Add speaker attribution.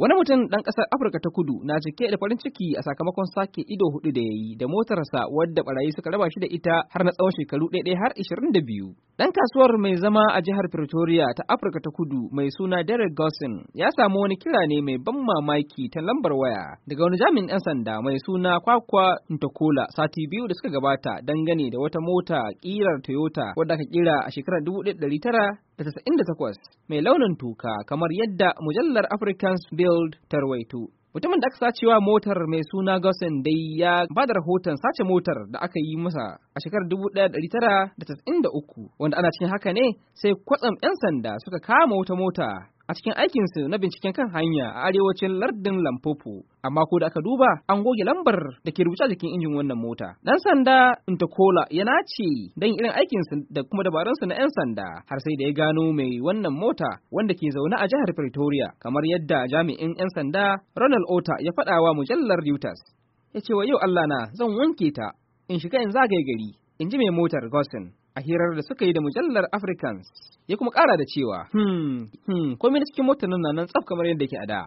Speaker 1: Wani mutum ɗan ƙasar Afirka ta kudu na cike da farin ciki a sakamakon sake ido hudu da ya yi da motarsa wadda barayi suka raba shi da ita har na tsawon shekaru ɗaya-ɗaya har ishirin da biyu. Ɗan kasuwar mai zama a jihar Pretoria ta Afirka ta Kudu mai suna Derek Gosson ya samu wani kira ne mai ban mamaki ta lambar waya daga wani jami'in 'yan sanda mai suna Kwakwa Ntokola sati biyu da suka gabata dangane da wata mota ƙirar Toyota wadda aka ƙira a shekarar 1998 mai launin tuka kamar yadda mujallar Africans Build ta rawaito. Mutumin da aka sacewa motar mai suna Gosen dai ya ba da rahoton sace motar da aka yi masa a shekarar uku, wanda ana cikin haka ne sai kwatsam 'yan sanda suka kama wata mota a cikin aikinsu na binciken kan hanya a arewacin lardin Lampopo. Amma ko da aka duba an goge lambar da ke rubuce a jikin injin wannan mota. Dan sanda Intakola yana ce dan irin aikinsu da kuma dabarunsu na 'yan sanda har sai da ya gano mai wannan mota wanda ke zaune a jihar Pretoria kamar yadda jami'in 'yan sanda Ronald Ota ya faɗa wa mujallar Reuters. Ya ce wa yau Allah na zan wanke ta in shiga in zagaye gari in ji mai motar Gosin. a hirar da suka yi da mujallar Africans ya kuma kara da cewa hmm hmm komai na cikin motar nan tsaf kamar yadda ke a da